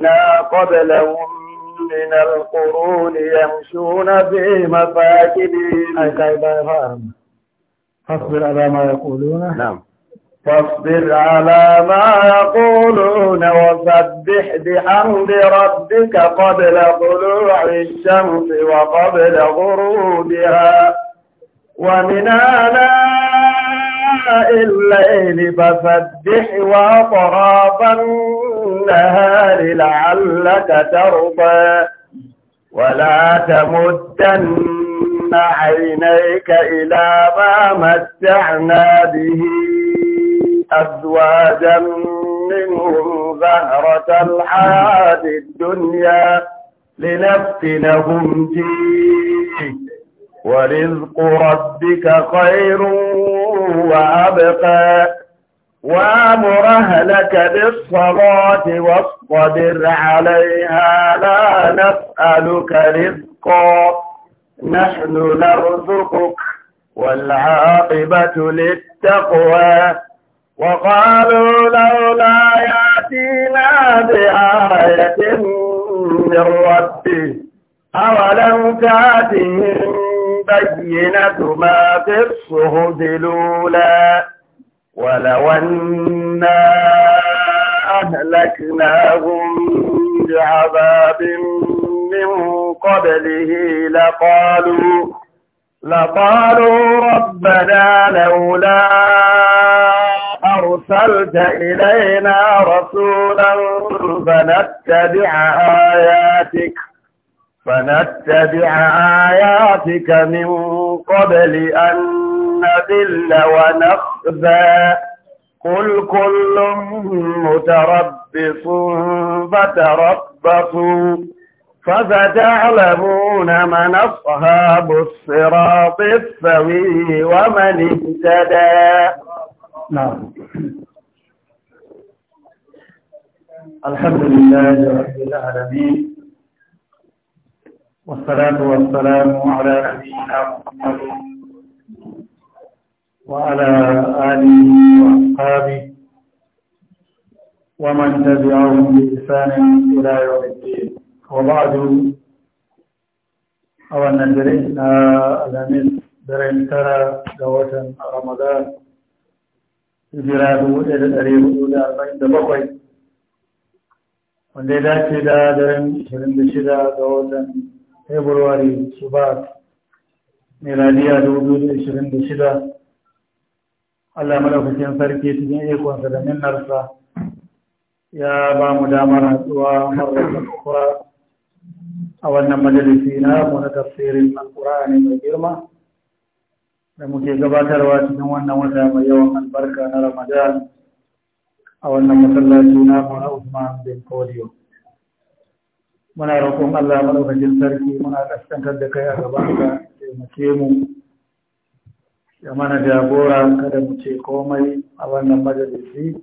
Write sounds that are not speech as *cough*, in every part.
ما قبلهم من القرون يمشون في مفاتنهم أي كايبا فارم فاصبر على ما يقولون نعم فاصبر على ما يقولون وسبح بحمد ربك قبل طلوع الشمس وقبل غروبها ومن آلام الليل فسبح وأطراف النهار لعلك ترضى ولا تمدن عينيك إلى ما متعنا به أزواجا منهم زهرة الحياة الدنيا لنفتنهم فيه ورزق ربك خير وأبقى وامر أهلك بالصلاة واصطبر عليها لا نسألك رزقا نحن نرزقك والعاقبة للتقوى وقالوا لولا يأتينا بآية من ربه أولم تأتهم بينة ما في الصهد الأولى ولو أنا أهلكناهم بعذاب من قبله لقالوا لقالوا ربنا لولا أرسلت إلينا رسولا فنتبع آياتك فنتبع آياتك من قبل أن نذل ونخذى قل كل متربص فتربصوا فستعلمون من أصحاب الصراط السوي ومن اهتدى نعم الحمد لله رب العالمين والصلاة والسلام على نبينا محمد وعلى آله وأصحابه ومن تبعهم بإحسان إلى يوم الدين وبعد أولا درينا الأمين درين ترى دوة رمضان hijiratu ɗaya da ɗari hudu da arba'in da bakwai wanda ya dace da daren ashirin da shida ga watan februari subat miladiya shida, Allah malaukakin sarki cikin ikonsa da minarsa ya ba mu damar hatsuwa marar kura a wannan majalisi na mu na tafsirin alkur'ani mai girma da muke gabatarwa cikin wannan wata mai yawan albarka na ramadan a wannan masallaci na mu na usman bin kodiyo muna roƙon Allah madaukakin sarki muna ƙasƙantar da kai a gaban ka taimake mu ya mana jagora kada mu ce komai a wannan majalisi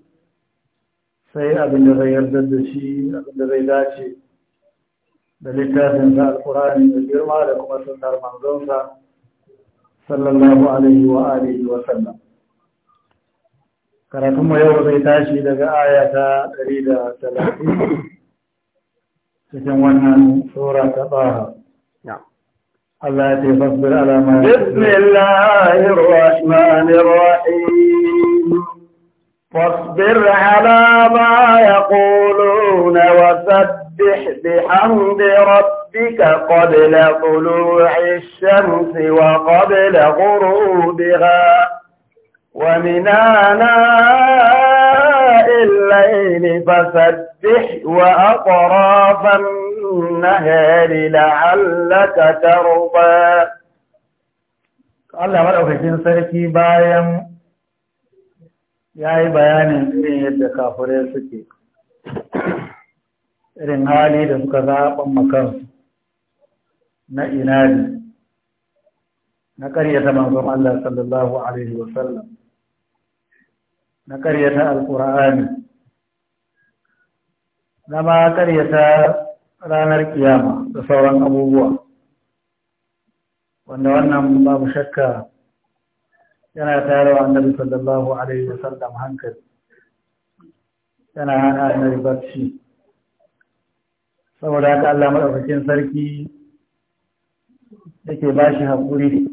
sai abin da zai yarda da shi abin da zai dace da littafin sa Alƙur'ani, da girma da kuma sunnar manzonsa sallallahu alaihi wa alihi wa sallam karatunmu yau zai tashi daga aya ta 130 cikin wannan sura ta baha Allah ya ce fasbir ala ma Bismillahir Rahmanir Rahim Fasbir ala ma yaquluna wa sabbih bihamdi rabbika qabla tulu'i ash-shamsi wa qabla ghurubiha wa min ana'il layli fasad فسبح وأطراف النهار لعلك ترضى Allah maɗaukakin sarki bayan ya yi bayanin irin yadda kafirai suke irin hali da suka zaɓan makansu na inani na ƙaryata manzon Allah sallallahu Alaihi wasallam na ƙaryata alƙur'ani na karyata ranar kiyama da sauran abubuwa wanda wannan babu shakka yana wa annabi sallallahu alaihi wa Sallam hankali yana hana annabi barci saboda haka Allah madaukakin sarki yake bashi hakuri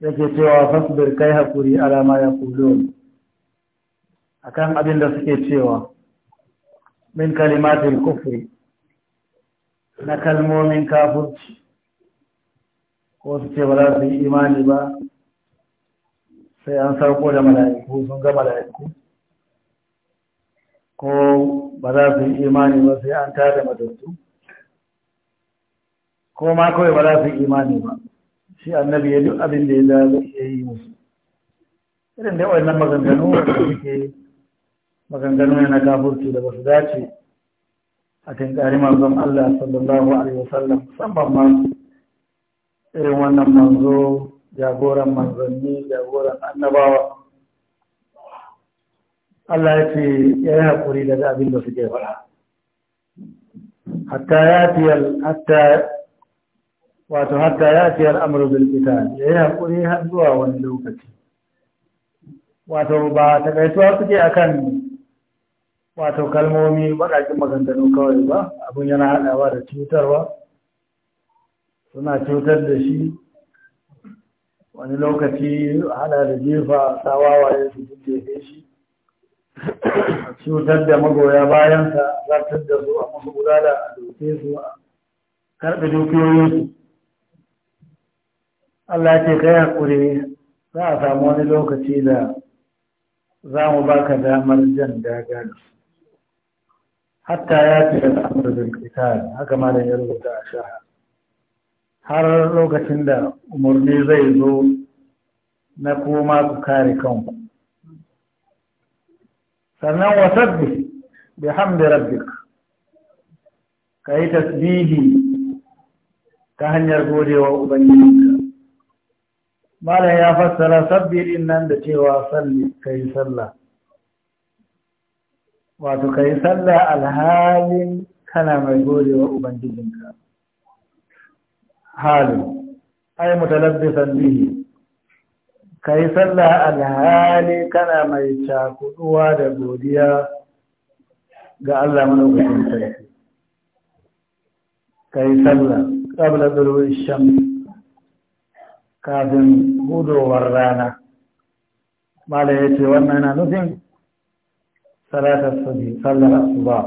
yake cewa fasbir kai hakuri alama ya kulo akan abin da suke cewa min kalimatul kufri na kalmomin kafurci ko su ce ba za su yi imani ba sai an sauko da mala'iku sun ga mala'iku ko ba za su yi imani ba sai an tada matattu ko ma kawai ba za su yi imani ba shi annabi ya duk abin da ya zai yi musu irin da waɗannan maganganu da suke maganganu na kafurci da ba su dace a tinkari manzon Allah sallallahu alaihi wasallam musamman ma irin wannan manzo jagoran manzanni jagoran annabawa Allah ya ce ya yi haƙuri daga abin da suke faɗa. hatta ya fiyar hatta wato hatta ya fiyar amur bilkita ya yi haƙuri har zuwa wani lokaci wato ba takaituwa suke akan wato kalmomi baƙaƙin maganganu kawai ba abin yana haɗawa da cutarwa suna cutar da shi wani lokaci hana da jefa sawawa ya su ne shi cutar da magoya bayansa zartar da su a guda da a doke su a karɓe dukiyoyinsu Allah ce kai hakuri za a samu wani lokaci da za mu baka damar jan daga da su hatta ya fi da amur ita haka malam ya rubuta a shaha har lokacin da umarni zai zo na kuma ku kare kanku sannan wasabbi bi hamdi rabbik ka yi tasbihi ta hanyar godewa ubangijinka malam ya fassara sabbi din nan da cewa salli ka sallah wato ka yi sallah alhalin kana mai gode wa ubangijinka halin ai mutalabbisan bihi ka yi sallah alhali kana mai cakuduwa da godiya ga Allah madaukakin sarki ka yi sallah qabla dhuruwi shan kafin hudowar rana ya ce wannan yana nufin صلاة الصبح صلى الصباح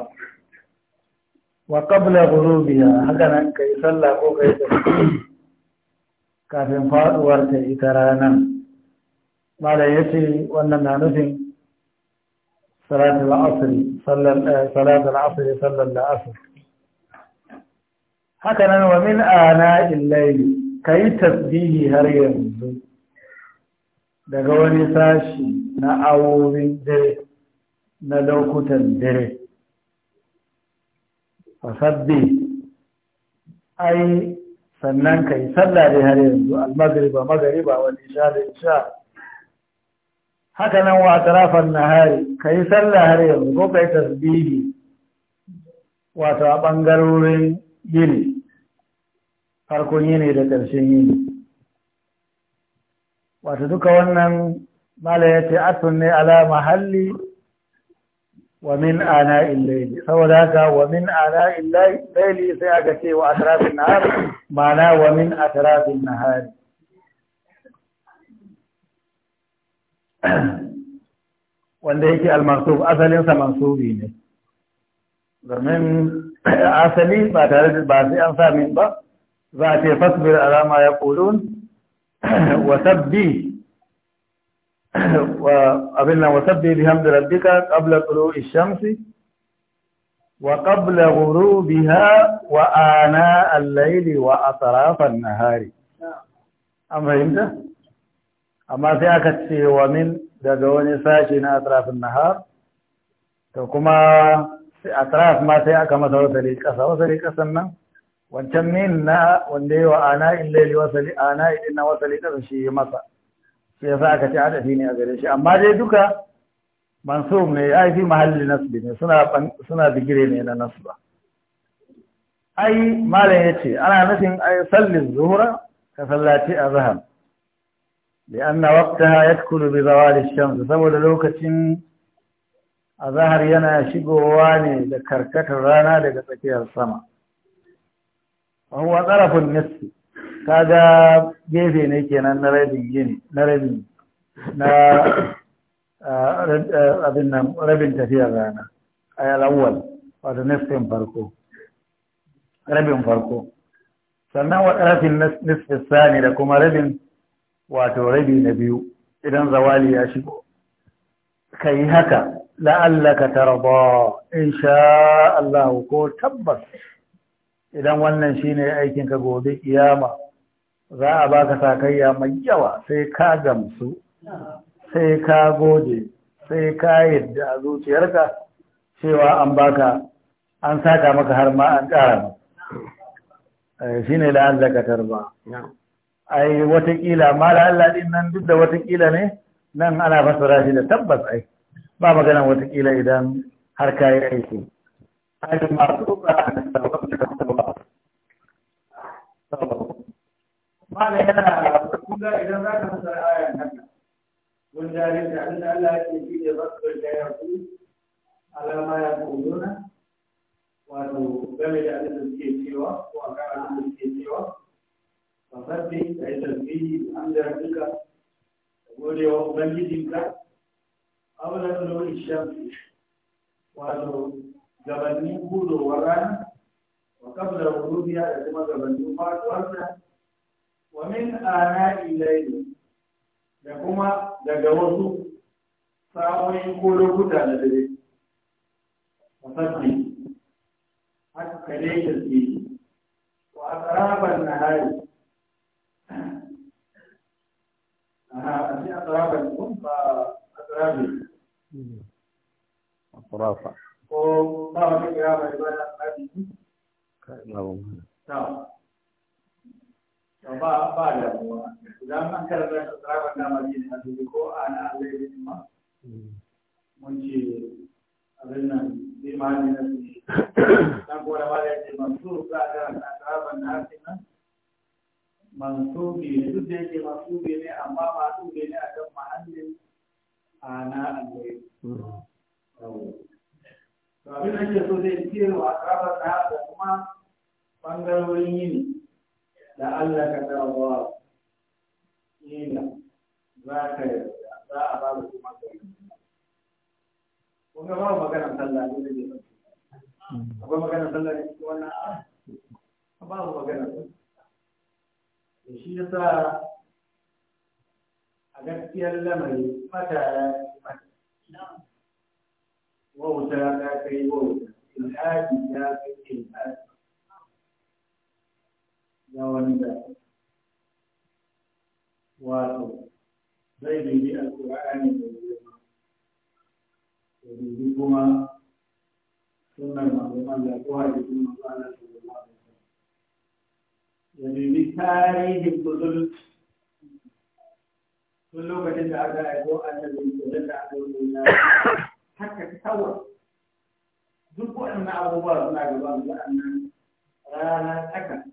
وقبل غروبها هكذا أنك يصلى قوقيت كافٍ ورد إترانا ما لا يسري وأننا نفهم صلاة العصر صلى آه، صلاة العصر صلى العصر هكذا ومن آناء الليل كي تسبيه هريا ينزل daga wani sashi na na lokutan dare fasabbi ai sannan ka yi sallah dai har yanzu almagriba magariba wani isha da isha haka nan wa tarafan nahari ka yi sallah har yanzu ko ka tasbihi wato a ɓangarorin yini farkon yini da ƙarshen yini wato duka wannan mala ya atun ne ala mahalli ومن آناء الليل فولاك ومن آناء الليل سيأكسي وأثرات النهار معنى ومن أثرات النهار وانديك المنصوب أثل سمنصوبين ومن أثلي باتارد الباسي أنسى من با ذاتي فاصبر على ما يقولون وسبيه *coughs* abin nan wasabbi bihamdi rabbika qabla tulu'i shamsi wa qabla ghurubiha wa ana al-layli wa atrafa an-nahari an fahimta amma sai aka cewa wa min daga wani sashi na atrafin nahar to kuma atraf ma sai aka masa wasali kasa wasali kasan nan wancan min na idin na wasali shi masa sai sa aka ce adafi ne a gare shi amma dai duka masu ne ya fi mahalli nasbi ne suna suna ne na nasba ai malam ya ce, ana nufin ai sallin zuhura. ka sallaci azhar bi وقتها يدخل بزوال الشمس saboda lokacin zahar yana shigowa ne da karkatar rana daga tsakiyar sama wa huwa tsarafin nisfi kaga gefe ne kenan na rabin gini na rabin na eh, eh, abin nan rabin tafiyar rana a yalawar wato nisfin farko rabin farko sannan wata rafin nisfin sani da kuma rabin wato rabi na biyu idan zawali ya shigo ka yi haka la'allaka tarba in sha Allah ko tabbas idan wannan shine aikin ka gobe kiyama za a baka sakayya mai yawa sai ka gamsu sai ka gode sai ka yadda a zuciyarka cewa an baka an saka maka har ma an ƙara eh, shi ne la'an zakatar ba ai watakila ma la'alla din nan duk da watakila ne nan ana fasara shi da tabbas ai ba maganin watakila idan har kayi aiki ai masu ba a ماذا يلا كل إذا ذاك مثل آية النبي والجارين أن الله يجي يبصر الجاهل على ما يقولون وأنه قبل أن تزكي سوى وأكان أن تزكي سوى فصدق أي تزكيه بحمد ربك وقولي وأبلغك أولا نور الشمس وأنه gabanin hudowar rana وقبل غروبها hudubiya da kuma gabanin wa min ana ilayli da kuma daga wasu sa'o'in ko lokuta da dare musamman haka kare ta ce wa na hari. a ce asarabar kun ba asarabar asarafa ko ba wani kira mai bayan asarabi ta ba ba da ruwa idan an karanta shi tsarabar da madina a dubi ko ana alayi ma mun ce abin nan limani na su dan kora ba da yake mansur za a karanta tsarabar da hakin nan mansubi ne duk da yake mansubi ne amma mansubi ne a kan mahallin ana alayi abin da ke so zai a tsarabar da kuma bangarorin yini la'allaka tarwa ila za ka za a ba ku magana kun ga ba magana sallah ne da ke akwai magana sallah ne ko na a ba magana da shi yasa a gaskiyar lamari mata wauta ta kai wauta ilhaji ta kai ilhaji na wanda wato zai bibi alkur'ani da girma da bibi kuma sunnar malaman da ko hadisin manzo Allah ya bibi tarihin musulunci tun lokacin da aka aiko annabi da da aka yi na haka kawai duk waɗannan abubuwa suna gaban da annan rana tsaka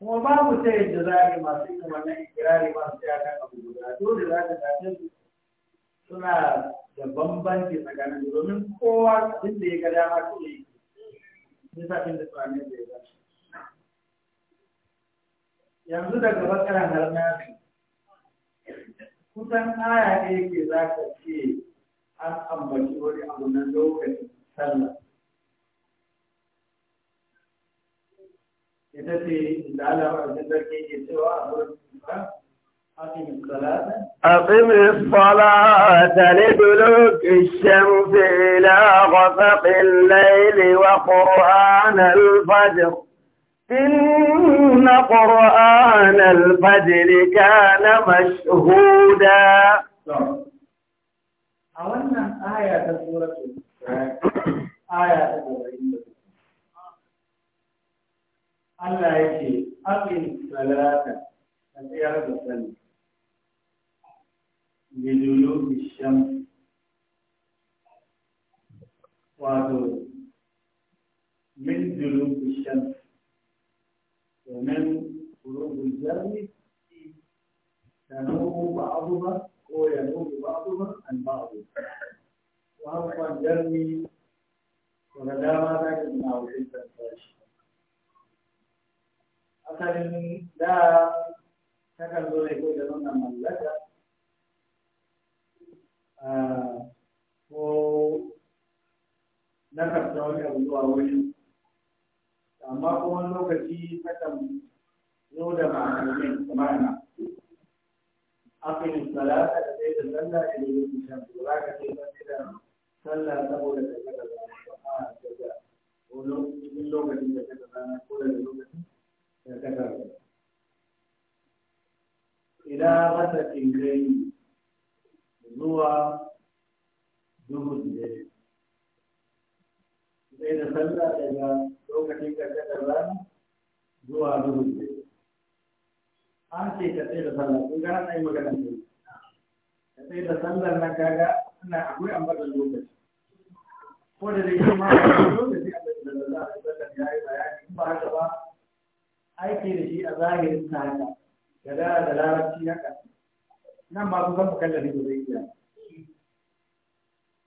kuma babu ta yadda za a yi masu yin wannan ikirari masu ya kan abu guda dole za ka tafi suna da bambanci tsakanin domin kowa abin da ya ga dama su ne bisa inda tsanin da ya dace yanzu daga bakaran har nasu kusan aya ne ke za ka ce an ambaci wani abu na lokacin sallah أقم الصلاة لدلوك الشمس إلى غسق الليل وقرآن الفجر إن قرآن الفجر كان مشهودا أولنا آية سورة آية سورة Allah yake aqim salata ka tsayar da sallah الشمس وأدور من دلوك الشمس ومن قلوب الجهل تنوب بعضها وينوب بعضها عن بعض وأما الجهل فلا ما ذاك من أولئك الفاشل asalin da takan zo da da wannan mallaka ah, ko na karta wani abu zuwa wani amma kuma lokaci takan zo da ma'amalin ma'ana أقم الصلاة لديك صلى da الشمس وراك كيف إذا صلى له لتجد الجزاء ولو من لغة تجد الجزاء da lokacin. Ila masa kai zuwa duhun dare. Sai da sallah daga lokacin karkatar rana zuwa duhun dare. An ce ka sai da sallah, gana na yi magana ne. Ka sai da na kaga ana akwai ambatan lokaci. Ko da a ba haka ba aiki da shi a zahirin ta haka da da da larabci haka nan ba su san mukallafi da zai iya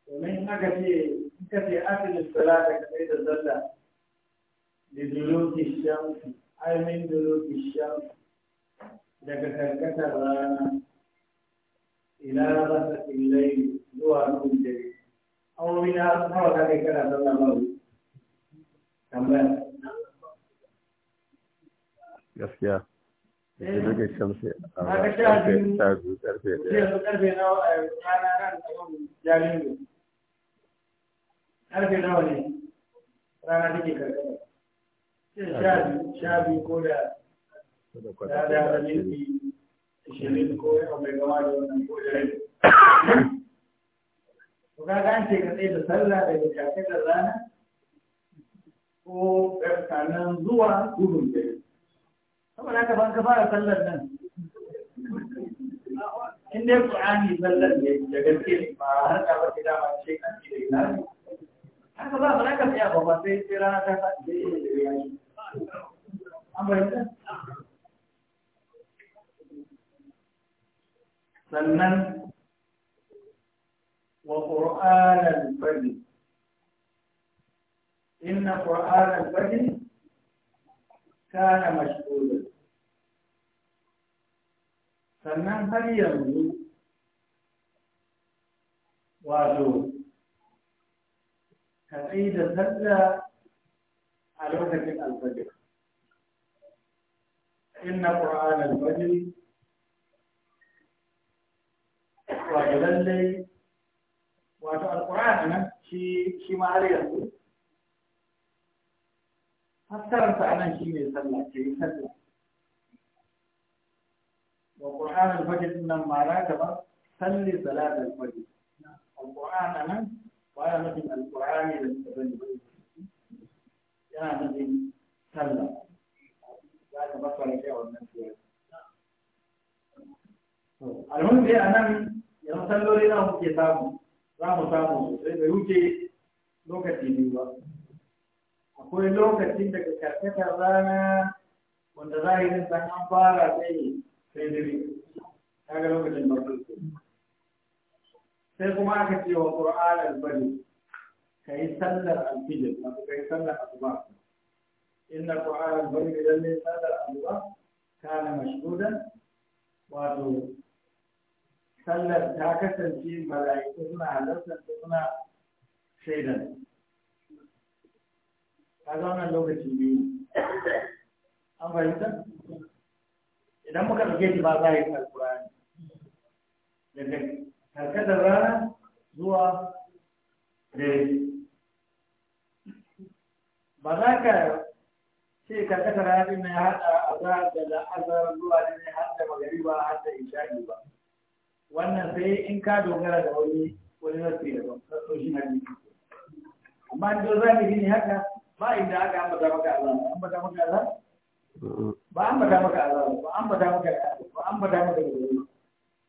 domin na aka ce in ka ce asilis sala da ka sai da zalla da duluki shamsi ainihin duluki shamsi daga karkatar rana ila rasa illai zuwa nufin dare an wani na hawa ka kai kana zalla ba tambaya gaskiya eh. da shamsi a karfe ta nawa a eh, rana nan a yau jami'in karfe nawa rana take karkara sha biyu ko da da da minti shirin ko yau mai gama da wannan ko da rai to ka an ce ka tsaye da sallah daga shafe da rana ko eh, sannan zuwa gudun dare saboda haka ban ka fara sallar nan in dai Qur'ani sallar ne da gaske ne ba har ka ba gida ba ce kan da ina haka ba ba ka tsaya ba ba sai sai rana ta faɗi da yayi an bayyana sannan wa Qur'an al-Fajr inna Qur'an al-Fajr kana mashghula sannan har yanzu wato ka tsaye da sallah a lokacin alfajir inna qur'an al-fajr wato lallai wato al-qur'an nan shi shi ma har yanzu fassararsa anan shine sallah ke sallah وقرآن الفجر إن المعراجبة صلي صلاة الفجر القرآن أنا وأنا مثل القرآن للتبني أنا مثل صلى لا تبصر شيء والنسيان المهم في أنام يصلوا لي له كتاب رام سامو يوجي لوكا تيميوا أقول لوكا تيميوا كتاب كتاب رانا وانتظاري من تنقفارا تيميوا sai dare kaga lokacin barci sai kuma aka ce wa qur'an al-bani kai sallar al-fajr wato kai sallar asuba inna qur'an al-bani idan ne sallar asuba kana mashhudan wato sallar ta kasance mala'iku suna halartar suna shaidan kaga wannan lokaci biyu an fahimta idan muka ɗauke shi ba za a yi alƙur'ani daga karkatar rana zuwa dare ba za ka ce karkatar rana ɗin ya haɗa azhar da la'azar zuwa ne ya haɗa magariba har da isha'i ba wannan sai in ka dogara da wani wani rasu da ba so shi hadisi amma in zo zahiri ne haka ba inda aka ambata maka Allah ambata maka Allah ba an bada maka azaba ba an bada maka ba an bada maka gobe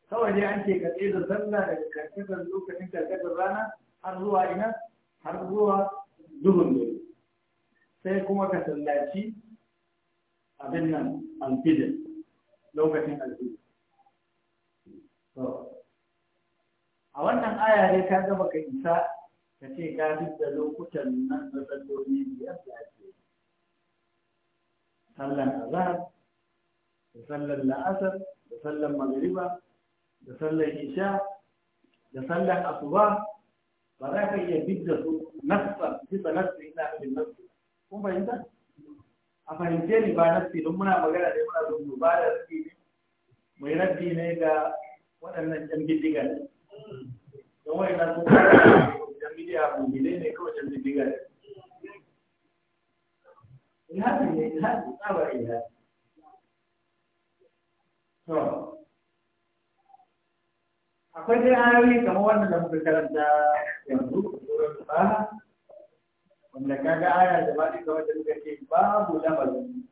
kawai dai an ce ka tsaye da sallah daga karkatar lokacin karkatar rana har zuwa ina har zuwa duhun dare sai kuma ka sallaci abin nan alfidin lokacin alfidin a wannan aya dai ka gaba ka isa ka ce ka duk da lokutan nan na salloli biyar da ake yi sallan azhar da sallan la'asar da sallan magariba da sallan isha da sallan asuba ba za ka iya bidda su nasa bisa nasa ina abin nasa kun fahimta a fahimce ni ba nasi don muna magana da muna zuwa ba da rabi ne mai rabi ne ga waɗannan jan bidiga ne don wani na sun kara jan bidiga mu ne kawai jan bidiga ne ilhadi akwai dai ayoyi kamar wannan da muka karanta yanzu surar ba wanda kaga aya da ba duka wanda muka ce babu lamarin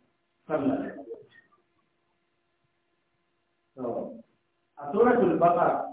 sallah a suratul baqara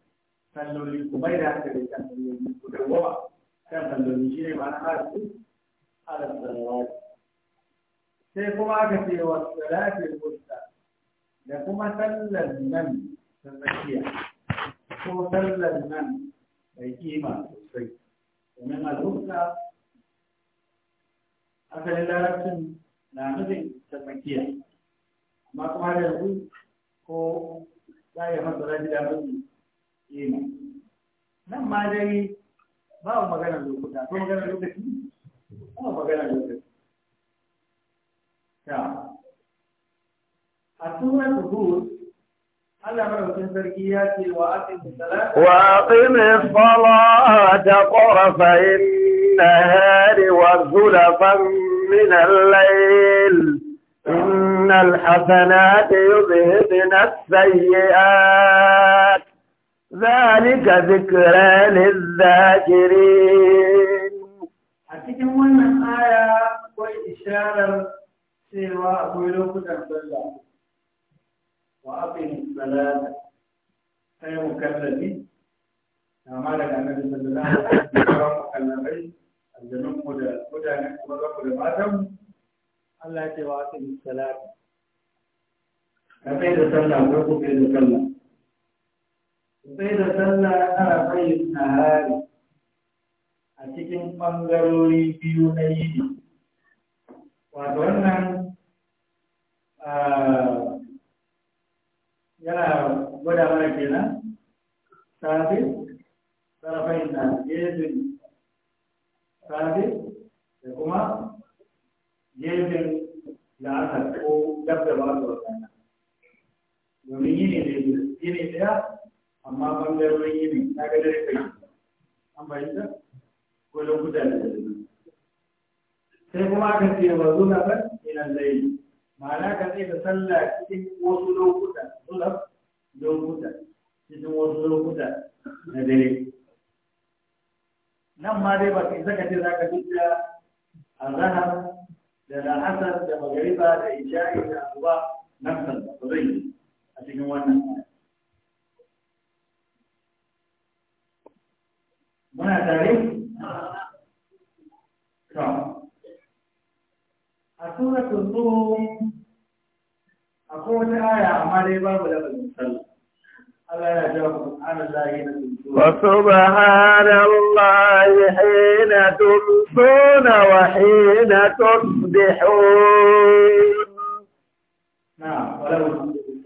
salloli ku bai da hankali kan salloli ku dawwama kan salloli shi ne ma'ana harfi ala salawati sai kuma aka ce wa salati wusta da kuma sallar nan ta tsakiya ko sallar nan mai kima sosai domin al'umma asalin larabcin na nufin ta tsakiya amma kuma da yanzu ko za a yi masa rabi da mafi kima nan ma dai ba magana lokuta ko magana lokaci ba magana lokaci ta a surat hud وأقم الصلاة طرفي النهار وزلفا من الليل إن الحسنات يذهبن السيئات ذلك ذكرى للذاكرين حقيقة من آية كوي إشارة سوى أبو لوك تنبلا وأقم الصلاة أي مكلفي نعم على النبي صلى الله عليه وسلم الجنوب قد قد نكبر قد باتم الله تواتم الصلاة النبي صلى الله عليه sai da sallah tara bayin nahari a cikin ɓangarori biyu na yini wato wannan yana gwada mana kenan safe sarafai na gefen safe da kuma gefen da aka ko dabda ba su domin yini ne yini ɗaya amma bangarorin yini ta ga dare kai an bayyana ko lokuta da dare sai kuma aka ce wa zulafan minan layli ma'ana ka ce da sallah cikin wasu lokuta zulaf lokuta cikin wasu lokuta na dare nan ma dai ba ka isa ce za ka fita a zahar da la'asar da magariba da isha'i da abuwa nan sallah ba zai yi a cikin wannan muna tare to a suratul rum akwai wata aya amma dai babu lafazin وسبحان الله حين تمسون وحين تصبحون نعم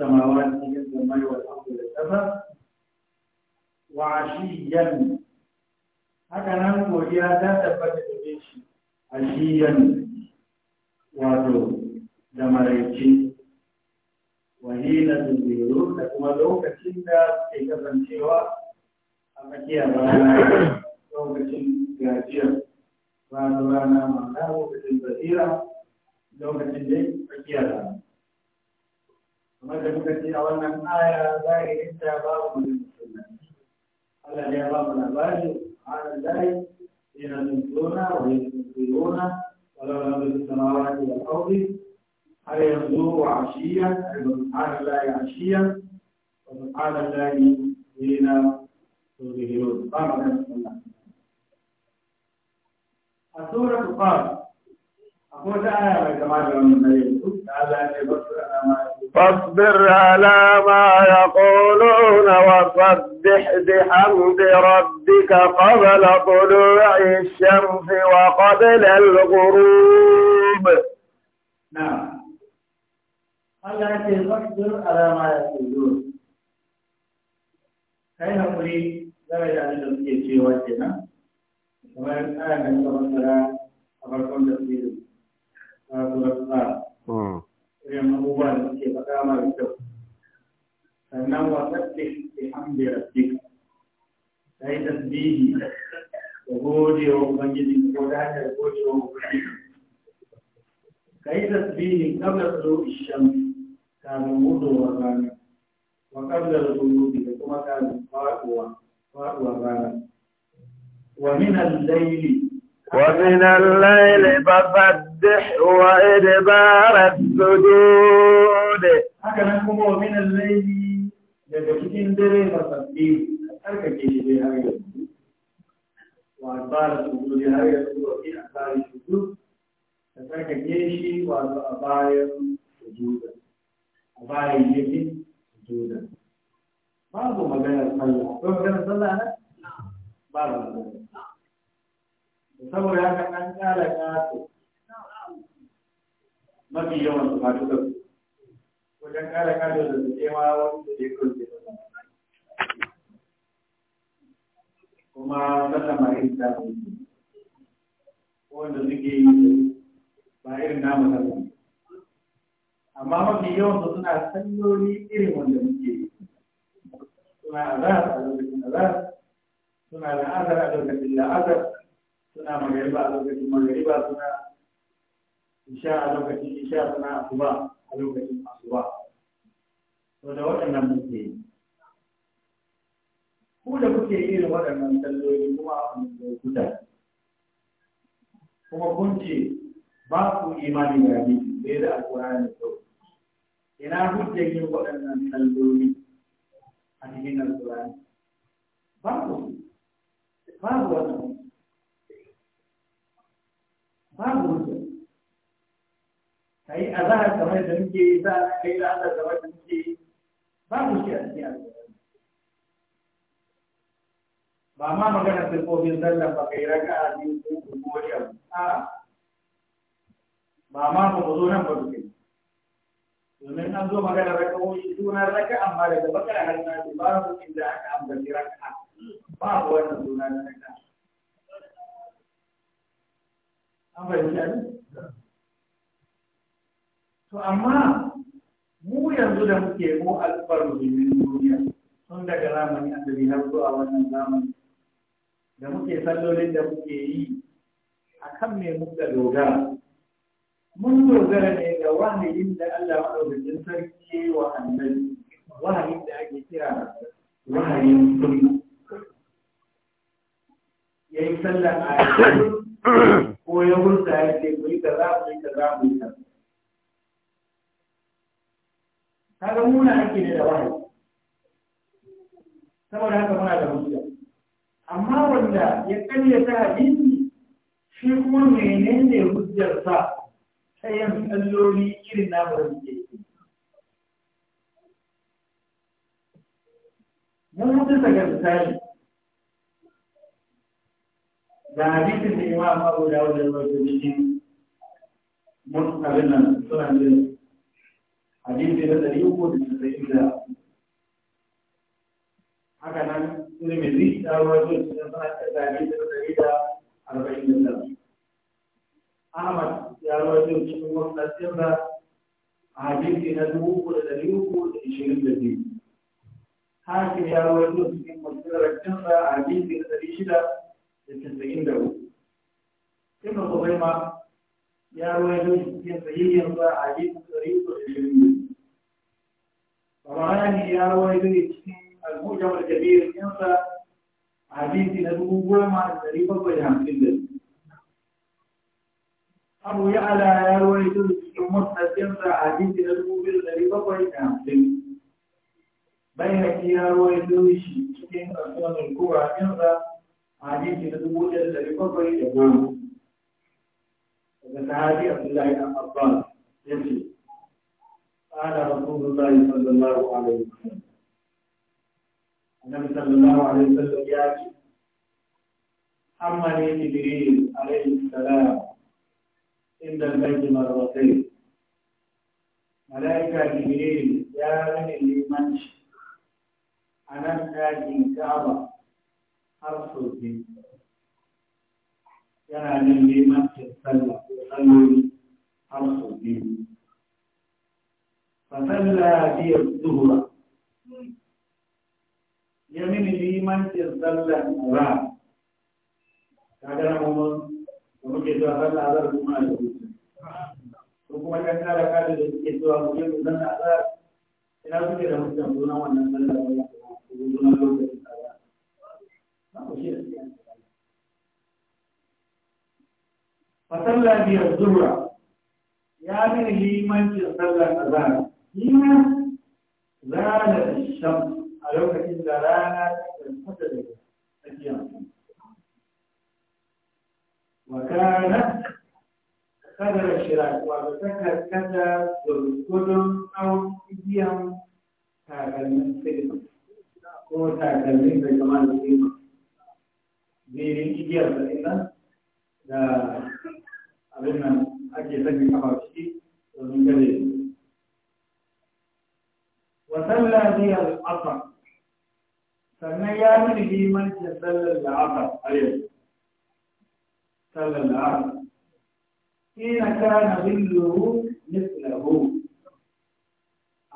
السماوات من السماء والأرض والسفر وعشيا هكذا نقول يا ذات فتح عشيا wato da maraice wahina da zero da kuma lokacin da ke kasancewa a tsakiyar rana lokacin gajiya rana rana ma'ana lokacin basira lokacin da tsakiyar rana kamar da muka ce a wannan aya zahirin ta babu wani musulman Allah ya ba mu labari ana dai yana nuna wa yusufuna wala wala bi samawati wal ardi har yanzu wa ashiya subhana Allah ya ashiya wa subhana Allah yana tuzhirun ba ma da Allah a suratul qaf akwai ta aya mai kama da wannan ne ta Allah ya basara ma فاصبر على ما يقولون وسبح بحمد ربك قبل طلوع الشمس وقبل الغروب نعم قال فاصبر على ما يقولون كان قريب لا يعني نفسي في وجهنا كما الان عندما ترى ابا كنت في irin abubuwa da suke faɗa mara kyau sannan wa tasbih bi hamdi rabbika kai tasbihi da gode wa ubangiji ko da hanyar gode wa ubangiji kai tasbihi qabla tulu'i shams kafin gudowar rana wa qabla al-ghulubi da kuma kafin faduwa faduwar rana wa min al-layli ومن الليل فسبح فسبح وإدبار السجود هكذا كما من الليل يبكين دري فسبح أركك إليه هكذا وأدبار السجود هكذا وفي أدبار السجود فأركك إليه وأدبار السجود أدبار السجود sujuda babu maganar sallah akwai maganar sallah nan babu maganar saboda haka an kara kato mafi yawan su masu da wajen kare kare da su kewa wanda ya kurce kuma zata ma irin ta wanda suke yi ba irin namu ta amma mafi yawan su suna salloli irin wanda muke yi suna azar a lokacin azar suna la'azar a lokacin azar, suna magariba a lokacin magariba suna insha a lokacin isha suna asuba a lokacin asuba to da waɗannan muke yi ku da kuke irin waɗannan salloli kuma a wani lokuta kuma kun ce ba ku imani da ni bai da alƙur'ani to ina hujjar yin waɗannan salloli a cikin alƙur'ani ba ku ba ku wannan ba ku ka yi azahar kamar da muke yi za kai da la'asar kamar da muke yi ba mu shi a cikin alƙur'ani ba ma magana kofin sallan ba kai raka a biyu ko ko wani abu a ba ma ba mu zo nan ba duka domin an zo magana raka'o'i sunan raka amma daga bakara hannu na ba su inda aka ambaci raka ba wannan sunan raka an fahimci abin to amma mu yanzu da muke ko alfar musulmin duniya sun daga zamani annabi har zuwa wannan zamani da muke sallolin da muke yi a kan me muka dogara mun dogara ne ga wahayin da Allah maɗaukakin sarki ya yi wa annabi wahayin da ake kira wahayin sunna ya yi sallar a ko ya hulsa ya ce ku yi kaza ku yi kaza ku yi kaza kaga muna ake ne da wahayi saboda haka muna da hujja amma wanda ya ta hadisi shi kuma menene hujjar sa ta yin tsalloli irin na da ke. mun mutu daga misali da hadisin da imam abu dawud da rawaito ne, mun abin nan sunan hadisi na ɗari uku da casa'in da haka nan tirmidhi ta rawaito shi na sanar da hadisi na ɗari da arba'in da tara ahmad ya rawaito shi cikin wasu tasirin a hadisi na dubu uku da ɗari uku da ishirin da biyu hakim ya rawaito cikin wani musularakinsa a hadisi na ɗari shida da casa'in da uku ibn Khuzaima ya rawaito cikin sahihin ba a da tariqul ilmi Tabarani ya rawaito cikin al-Mujam al-Kabir ɗinsa a hadisi na dubu goma da ɗari bakwai da hamsin da Abu Ya'ala ya rawaito cikin Musnad ɗinsa a hadisi na dubu biyu da ɗari bakwai da hamsin. Bayan ya rawaito shi cikin al-Sunan al-Kubra a hadisi na dubu biyu da ɗari bakwai da goma. daga sahabi Abdullahi ibn Abbas yace qala Rasulullahi sallallahu alaihi wasallam Annabi sallallahu alaihi wasallam ya ce Amma ne Jibril alaihi salam inda al-bayt marratayn Malaika Jibril ya rani limanci a nan ɗakin Ka'aba har sau Yana nan neman بل وخير حرص به فصلى بي الظهر يمين لي من تزل النار كذا هم هم كذا هذا ربما ربما كان هذا كذا إن أردت أن هذا ربما كذا ربما كذا هذا ربما هذا ربما كذا هذا ربما كذا هذا هذا ربما كذا هذا ربما كذا هذا هذا ربما كذا هذا ربما كذا هذا هذا ربما كذا هذا fasalla biyar zuwa ya mini limancin sallar azhar kina zala sham a lokacin da rana ta karkata da tsakiya wa kana kadar shirak wato ta karkata gurgudun tsawon kalli takalmin sirri ko da jama'a da sirri birin igiyar da da abin nan ake sanya kafa ciki domin gare shi wa sallah ni al-asr sannan ya mini limancin sallar da asr a yau sallar da asr ina kana zilluhu mislahu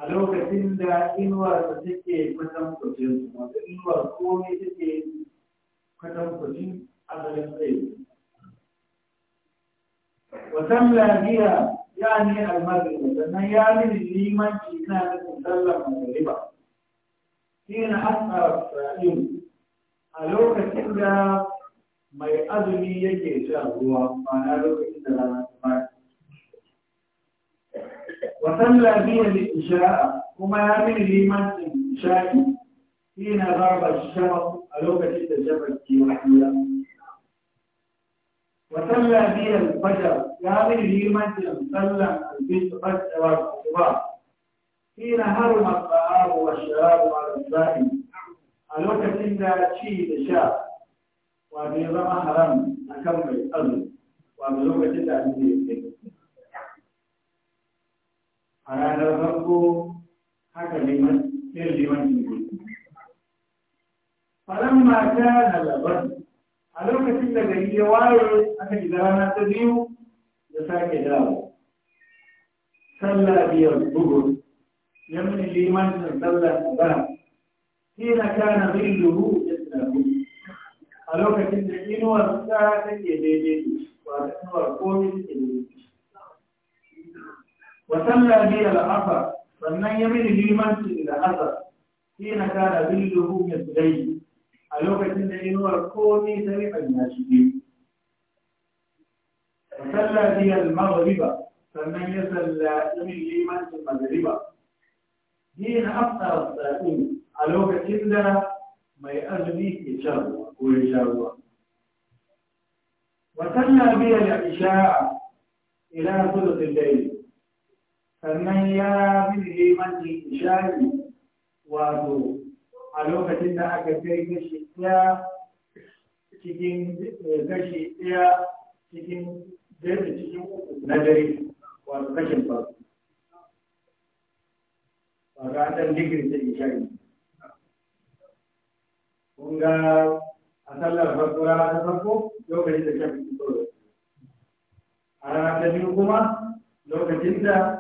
a lokacin da inuwarsa take kwatankwacin su wata inuwar komai take kwatankwacin asalin tsaye وصلى بها يعني المغرب لأن يعني الإيمان كان مصلى مغربا حين أثر الصائم ألوك كلا ما يأذني يجي شهوة ما ألوك إلا لا وصلى بها الإشاء وما يعمل الإيمان إشاء حين غرب الشمس ألوك كلا شمس كي وحيلا وصلى هي الفجر يعمل لي مثلا تلا البيت فجر والصباح حين هرم الطعام والشراب على الزائم الوقت عند شيء شاء وبنظام حرام أكمل أظن وبلغة التعليم على هذا الرب حكى لمن غير لمن فلما كان لبن a lokacin da gari ya waye aka ji rana ta biyu ya sake dawo sallah biyar bugu ya mini limancin sallah ba na kana zilluhu yasnahu a lokacin da inuwar ta ke daidai ba ta inuwar komai ke daidai wa sallah biyar asar sannan ya mini limancin da shi na kana zilluhu yasnahu a lokacin da inuwar komi sai ya shige sallah biyar maghriba sannan ya salla min limancin maghriba yin afta sa'in a lokacin da mai azumi ke shan ruwa ko ya sha ruwa wa sallah biyar isha'a ila sulutul layl sannan ya min limancin isha'i wato a lokacin da aka kai gashi ɗaya cikin eh, gashi ɗaya cikin daidai cikin uku na dare wato kashin farko ba ga ɗan digiri ta ishari kun ga a sallar farko rana ta farko lokacin da shafi fito a rana ta biyu kuma lokacin da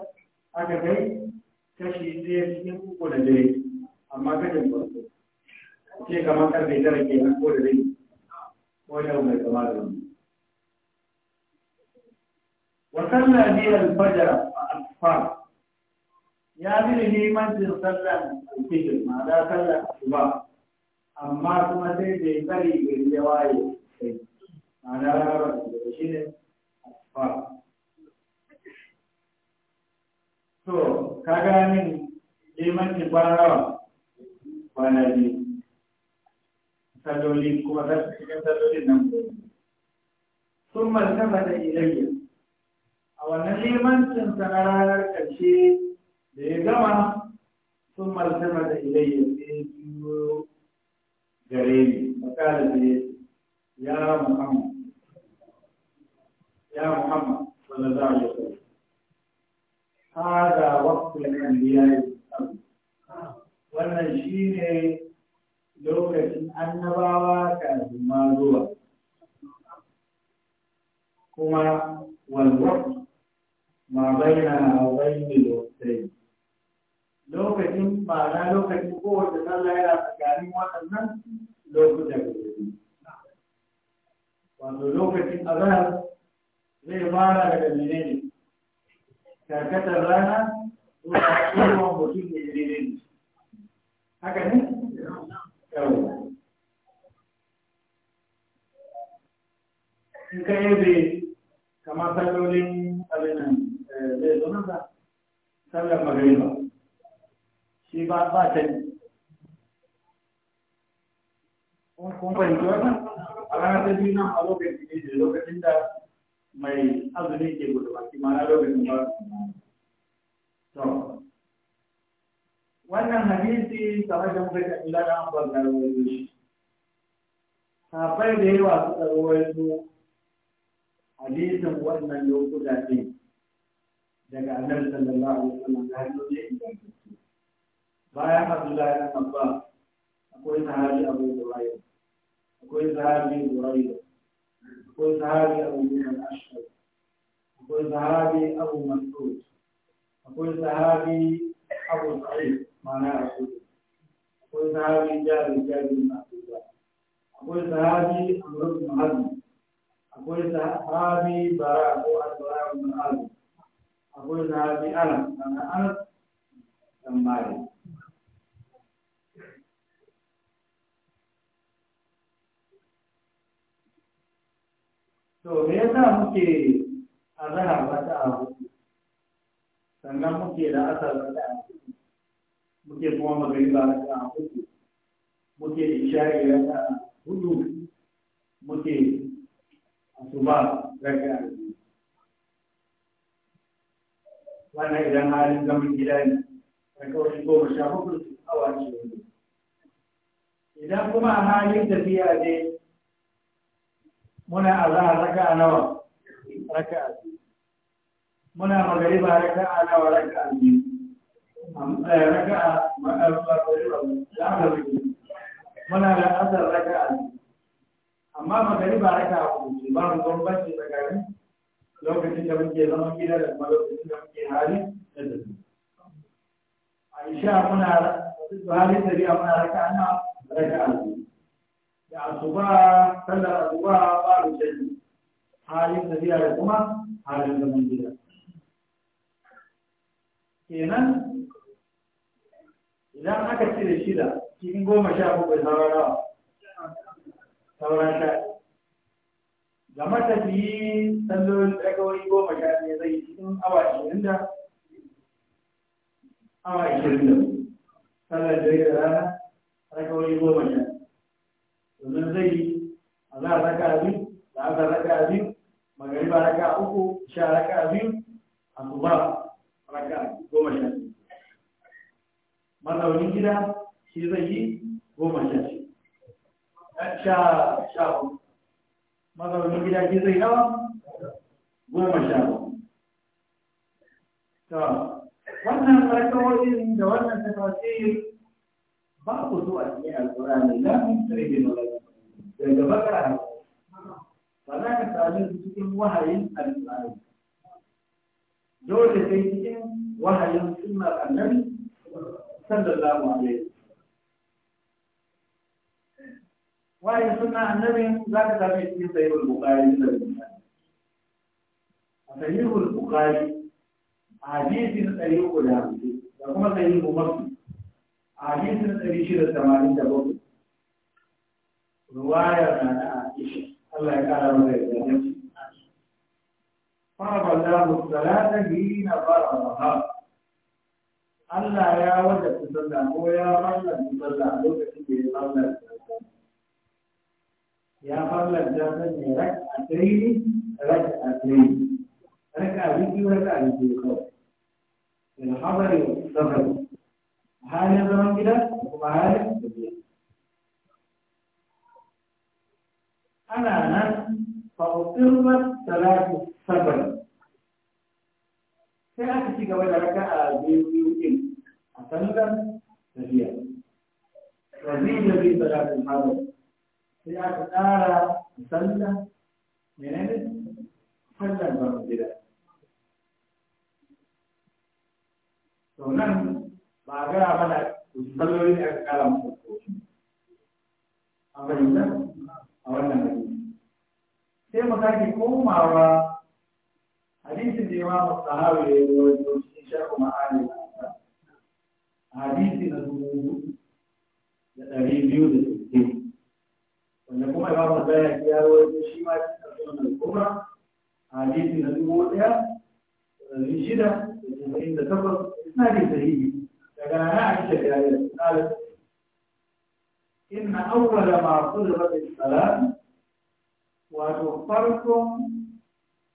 aka kai kashi ɗaya cikin uku na dare amma kashin farko ce kamar karfe tara ke nan ko da zai ko da mai kama da wani. Wasan biyar asfar ya bi muhimmancin sallar alfijir ma da sallar asuba amma kuma sai ya bari gari ya waye sai ma da rabar da shi ne asfar. So ka neman limancin kwana rawa kwana biyu. salloli kuma za su cikin sallolin nan sun martaba da ilayya a wannan limancin sa na ranar ƙarshe da ya gama sun martaba da ilayya sai biyo gare ni makala da ya muhammad ya wannan shine lokacin annabawa kafin ma zuwa kuma walwat ma bayyana a bayyana lokacin lokacin ba na lokacin kowace sallah yana tsakanin waɗannan lokutan wato lokacin azhar zai fara daga menene karkatar rana zuwa tsohon mutum da ya ne haka ne in ka yabe kama sallolin abinan eh, zai zo sallar magariba shi ba ba ta yi kun fahimci wannan a ranar ta biyu nan a lokacin da lokacin da mai azumi ke gudu ba ma na lokacin ba to wannan hadisi kamar da muka tafi lana an ban garwayo shi kafai da yawa suka su hadisin wannan lokuta ne daga annabi sallallahu alaihi wasallam da hanyoyi ingantattu bayan abdullahi ibn abbas akwai sahabi abu hurairah akwai sahabi hurairah akwai sahabi abu musa al akwai sahabi abu mas'ud akwai sahabi abu sa'id mana a kudu akwai sahabi jari jari na kudu akwai sahabi amrut muhammad akwai sahabi bara ko albara ibn azim akwai sahabi anas mana anas dan mali to me yasa muke azhar wata abu sannan muke da asalar da muke kuma magariba na kan hudu muke ishari na kan hudu muke asuba raka wannan idan halin zaman gida ne a kawai goma sha hudu awa ce idan kuma halin tafiya ne muna a za a raka nawa raka a biyu muna magariba raka a nawa raka a biyu eh, raka a eh, magariba muna da asar raka a biyu amma magariba raka a kuce ba mu bambanci tsakanin lokacin da muke zama gida da kuma lokacin da muke hali da zafi a isha muna hali biya muna raka a nawa raka a biyu da asuba sallar asuba ba mu canji halin tafiya da kuma halin zaman gida kenan idan aka cire shida cikin goma sha bakwai sauran nawa sauran sha ga matafiyi sallolin tsakawai goma sha ne zai cikin awa ashirin da awa ashirin da sallar jirgin da rana tsakawai goma sha domin zai yi a za a raka biyu da aka raka biyu magariba raka uku sha raka biyu asuba raka goma sha biyu mazaunin gida shi zai yi goma sha biyu sha sha mazaunin gida shi zai nawa goma sha biyu wannan farkawoyin da wannan tafasir ba ku zuwa a cikin alƙur'ani la mun tsare da daga bakara ba za ka sami cikin wahayin alƙur'ani dole sai cikin wahayin sunnar annabi sallallahu alaihi wahayin sunnar annabi za ka tafi cikin sahihul bukhari da sahihul bukhari hadisin ɗari uku da hamsin da kuma sahihul muslim hadisin ɗari shida tamanin da bakwai ruwayar na na Aisha Allah ya kara masa yarda طلب الله الصلاة حين فرغ الظهر ألا يا وجه تصلى هو يا فضل تصلى هو في فضل يا فضل تصلى ركعة ركعتين ركعة ركعتين ركعة ذكي وركعة ذكي خوف الحضر والصبر هل يظهر كده؟ هو هذا أنا أنا فأطلبت ثلاثة sabari sai aka ci gaba da raka a biyu biyu din a sallar tafiya wazin da bi salatin hadar sai aka tsara sallar menene sallar ban gida to nan ba a gaya mana sallolin da aka kara musu a fahimta a wannan hadisi sai mu sake komawa حديث الإمام الصحابي يقول شيخ معاني حديث مذموم لأريد يود الدين ونقوم إمام الزايا يا ولد الشيماء تكون الكبرى حديث مذموم يا رجدة إن تفضل ما لي سهيد لكن أنا أعيش في هذه الأسئلة إن أول ما صدرت الصلاة وأتوفركم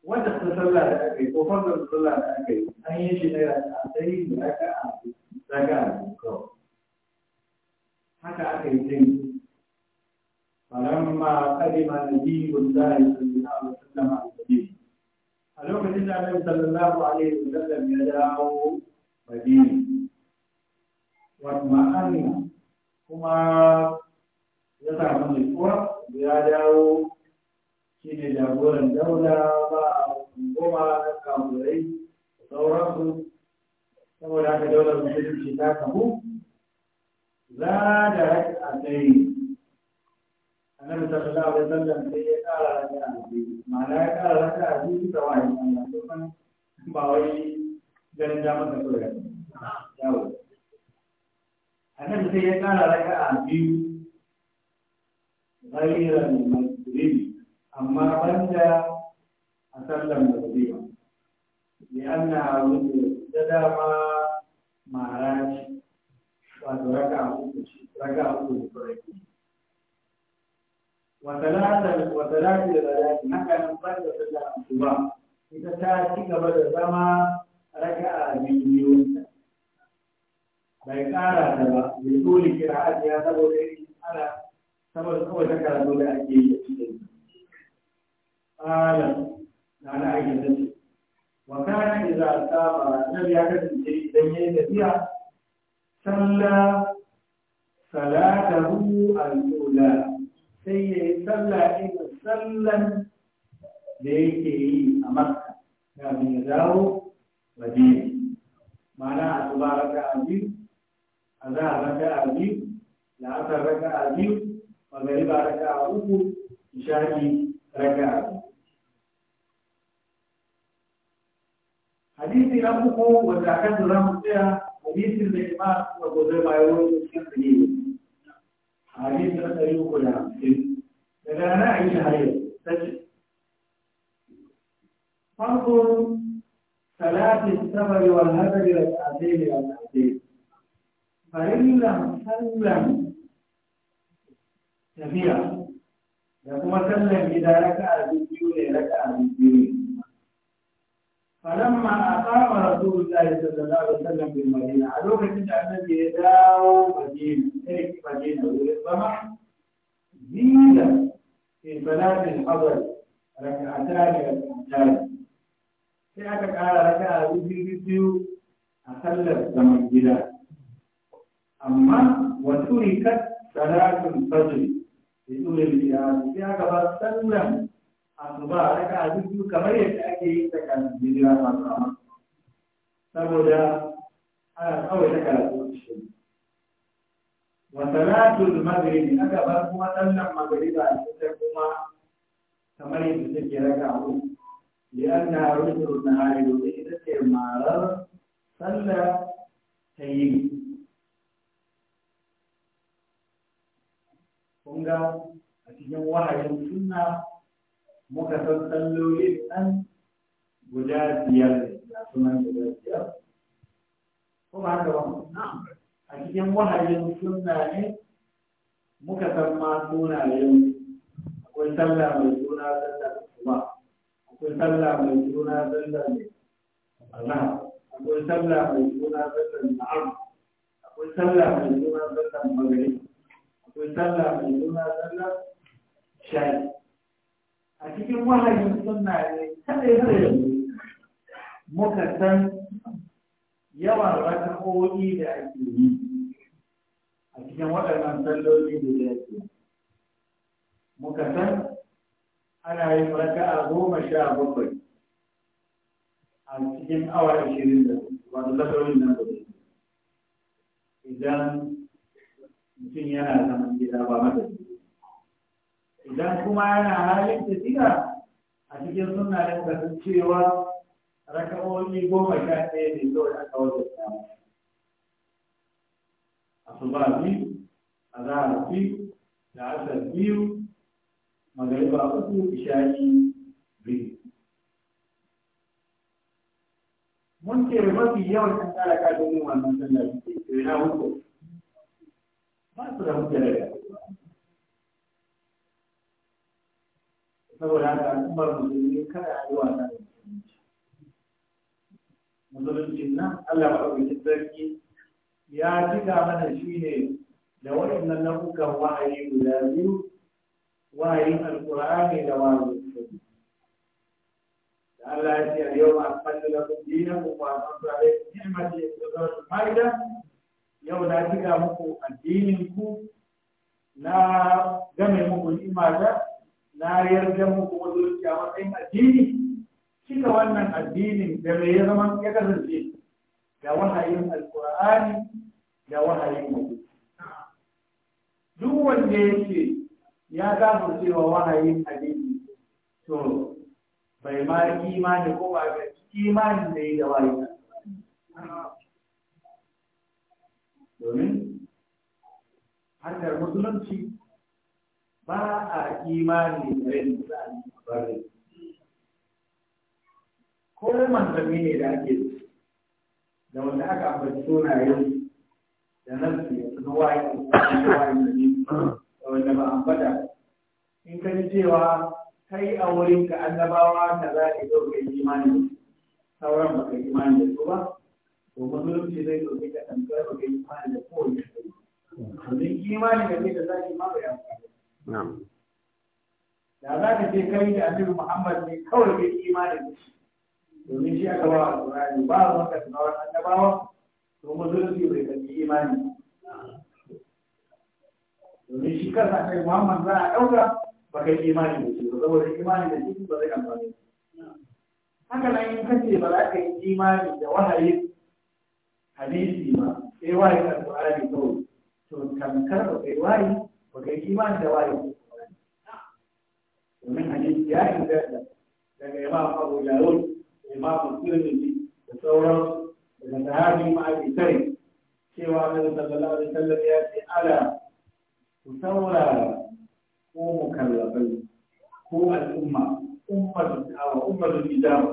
wanda sun sallah da aka yi ko da sallah da aka yi an yi shi na raka sai da raka a raka a kawai haka aka yi sai falamma qadima nabiyyu sallallahu alaihi na al sallama a A lokacin da annabi sallallahu alaihi sallam ya dawo madina wa ma'ani kuma ya samu nutsuwa ya dawo shine jagoran daula ba goma kamurai da sauransu saboda haka daular musulunci ta kamu za da raka a tsaye annabi sallallahu alaihi wasallam sai ya kara raka a tsaye Mana ya kara raka a tsaye da wani Allah domin ba wai ganin damar da kawai yawo annabi sai ya kara raka a biyu غير المسلم أما بند أسلم تسليما لأنها تدامى مع راج وركع ركع وثلاثة وثلاثة لبلاد حتى نصلي وسلم الصباح إذا تأتي قبل الزمان ركع من bai kara da ba bai dole kira ajiya saboda yin ana saboda kawai ta karatu da ake yi a cikin ala na da aikin da ce wa kana idza saba nabi ya kasance idan yayi tafiya salla salatahu al-ula sai yayi salla irin sallan da yake yi a makka kafin ya dawo madina ma'ana a tuba raka'a biyu a za a raka'a biyu la'asar raka'a biyu magariba raka'a uku isha'i raka'a biyu hadisi na uku wanda akan da za mu tsaya hadisin da imam da gobe bayan wani cikin dalili hadisi na ɗari uku da hamsin daga rana a yi da. shahayar ta ce farko salatin sabari wal hadari da ta'adai da ta'adai farillan sallan tafiya da kuma sallan gida raka a biyu ne raka a biyu ne فلما أقام رسول الله صلى الله عليه وسلم في المدينة ألوك تجد النبي يداو مدينة هيك مدينة وربما زيد في صلاة الحضر ركعتان ركعتان sai aka ƙara raka a biyu biyu a sallar zaman gida amma wasu rikat salatun fajr da tsoron gida sai aka ba sallar asuba raka a duk kamar yadda ake yi ta kan jira masu amma saboda ana kawai ta karatu shi wa salatul maghrib aka bar kuma sallan a cikin kuma kamar yadda take raka a uku lianna rusul nahari domin ita ce marar sallar ta yi kun ga a cikin wahayin sunna muka san sallolin nan guda biyar da sunan guda biyar kuma haka ba a cikin wahayin sunna ne muka san ma sunayen akwai sallah mai suna sallar kuma akwai sallah mai suna sallar Allah akwai sallah mai suna sallar na'am akwai sallah mai suna sallar magari akwai sallah mai suna sallar shayi a cikin wahayin sunna ne kada kada muka san yawan raka'o'i da ake yi a cikin waɗannan salloli da ya ke muka san ana yin raka'a goma sha bakwai a cikin awa ashirin da wato lasarori na da idan mutum yana zaman gida ba madadi idan kuma yana halin tsira a cikin suna da kasan cewa rakamoni goma sha ɗaya ne kawai aka wajen samu a za a biyu da aka biyu magariba uku isha'i biyu mun ce mafi yawan kan tsara ka domin wannan da ke na hutu ba su da da ya saboda haka al'ummar musulmi kada a yi wasa da musulunci musuluncin nan Allah maɗaukakin sarki ya cika mana shi ne da waɗannan nau'ukan wa'ayi guda biyu wa'ayin alƙur'ani da wa'ayin sunna da Allah ya ce a yau ma akmaltu lakum dinakum wa atmamtu alaykum ni'mati wa raditu ma'aida. yau na cika muku addinin ku na game muku ni'mata na yarda muku wajen a matsayin addini cika wannan addinin da mai ya zama ya kasance da wahayin alkur'ani da wahayin mutu duk wanda ya ce ya gano cewa wahayin addini to bai ma imani ko ba ga imani da ya da wahayin domin hanyar musulunci ba a imani da rai da Ko ko manzanni ne da ake da wanda aka ambaci sunayen da na su ya tuna waye da waye da da wanda ba ambata in ka ji cewa kai a wurin ka annabawa ka za a zo kai imani sauran ba ka imani da su ba to mazulunci zai ɗauki ka tamkar ba ka imani da kowace domin imani da kai da za ki ma bai amfani da za ka je kai da annabi Muhammad ne kawai bai imanin shi domin shi aka ba alƙur'ani ba a wanka tunawar annabawa to musulunci bai kalli imani domin shi kansa annabi Muhammad za a ɗauka ba kai imani da shi saboda imani da shi ba zai amfani haka nan in kace ba za ka yi imani da wahayin hadisi ba sai wahayin alƙur'ani kawai to tamkar ba kai wahayi ba ka yi imani da waye domin hadisi ya inganta daga imam abu yarun imam tirmidhi da sauran daga sahabi ma'abi sai cewa annabi sallallahu alaihi wasallam ya ce ala ku saurara ko mukallabai ko al'umma ummatun awa ummatun idama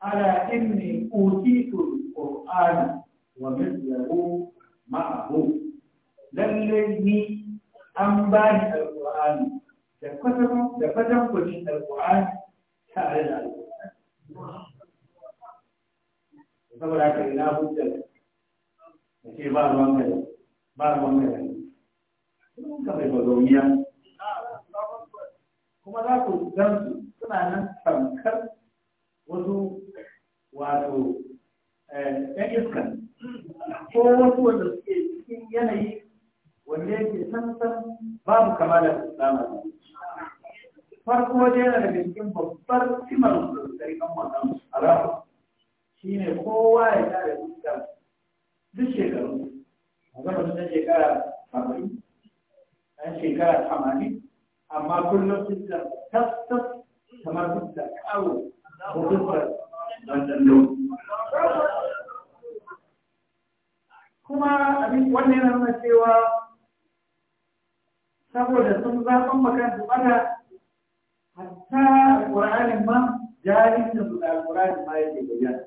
ala inni utitu alqur'ana wa mithluhu ma'ahu lallai ni an ba ni alƙur'ani da kwatan da kwatan kwacin alƙur'ani tare da alƙur'ani saboda haka ina hujjar da ce ba ruwan kai ba ruwan kai ka mai bazomiya kuma za ku gan su suna nan tamkar wasu wato ɗan iska ko wasu wanda suke cikin yanayi wanne yake kama babu kamalar islama farko dai yana da cikin babbar kimar musulmi kan wannan alama shi ne kowa ya tare da duk shekaru A magana ta shekara saba'in ɗan shekara samari, amma kullum fuskar da tas kamar da kawo ko fuskar wannan kuma abin wannan yana nuna cewa saboda sun zaɓen makarantu su bada hatta alƙur'anin ma jarin da su da alƙur'anin ma yake bayyana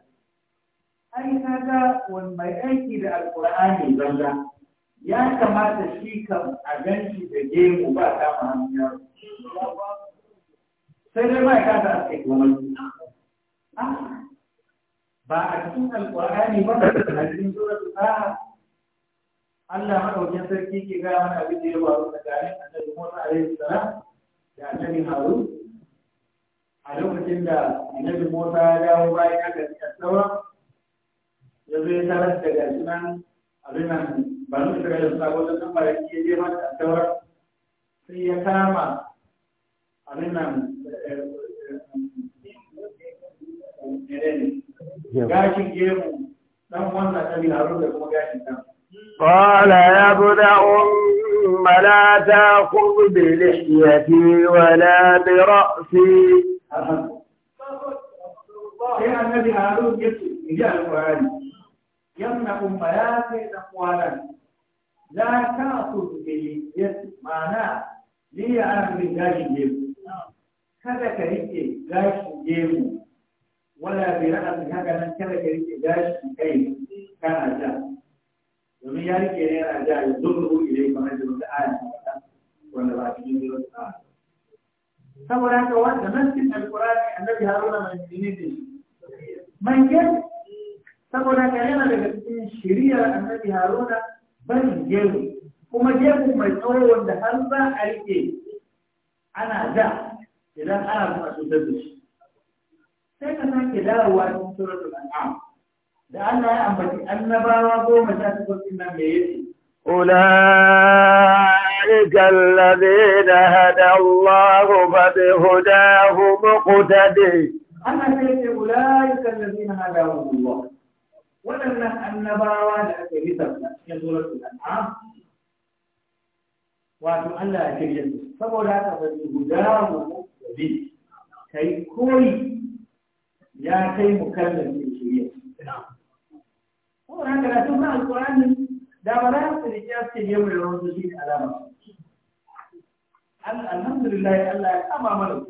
ai ga wani mai aiki da alƙur'ani zanga. ya kamata shi kam a gan shi da gemu ba ta ma sai dai ba ka ta ake mai. ba a cikin alƙur'ani ba a cikin zuwa taha Allah maɗaukin sarki ke gaya mana abin da ya faru tsakanin annabi Musa alaihi salam da annabi Harun a lokacin da annabi Musa ya dawo bayan ya gaji Asawa ya zo ya tarar da gashi nan abin nan ba da Isra'ila suna gwada nan ba ya je mata Asawa sai ya kama abin nan gashin gemu dan wannan annabi Harun da kuma gashin nan قال يا ابن أم لا تأخذ بلحيتي ولا برأسي يا النبي هارون يبكي جاء القرآن يمنع أمهات لا تأخذ بلحيتي معناه لي أنا من ذلك kada ka rike gashin gemu wala bi ra'asi domin ya rike ne yana da ya zo rubu ile kamar da wata aya wanda ba cikin zuwa ta saboda haka wanda nassin a annabi haruna mai jini da shi man saboda haka yana daga cikin shiriyar annabi haruna ban yau kuma gefen mai tsoro wanda har za a rike ana da idan ana kuma cutar da shi sai ka sake dawowa cikin suratul an'am أولئك الذين هدى الله فبهداه مقتدي أما أولئك الذين هدى الله وأن أن بارا لا تريد أن يزور الأنعام وأن أن لا تريد أن تصبر لا تريد أن تريد كي كوي يا كي مكلم في الشريعة نعم ko ran da tun na alqur'ani da ba za su rike ya ne mai rawan su shi alama alhamdulillah Allah ya kama mana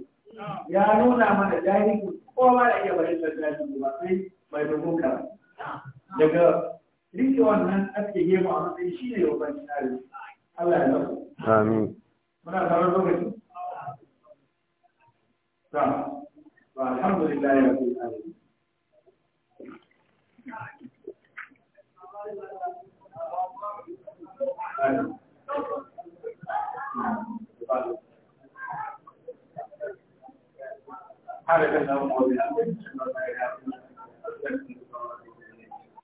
ya nuna mana jahili ko ma da iya bari da jahili ba sai bai da muka daga rike wannan aske gemu a matsayin shi ne babban tsari Allah ya zama amin muna tare lokaci ta alhamdulillah ya rabbil alamin How did it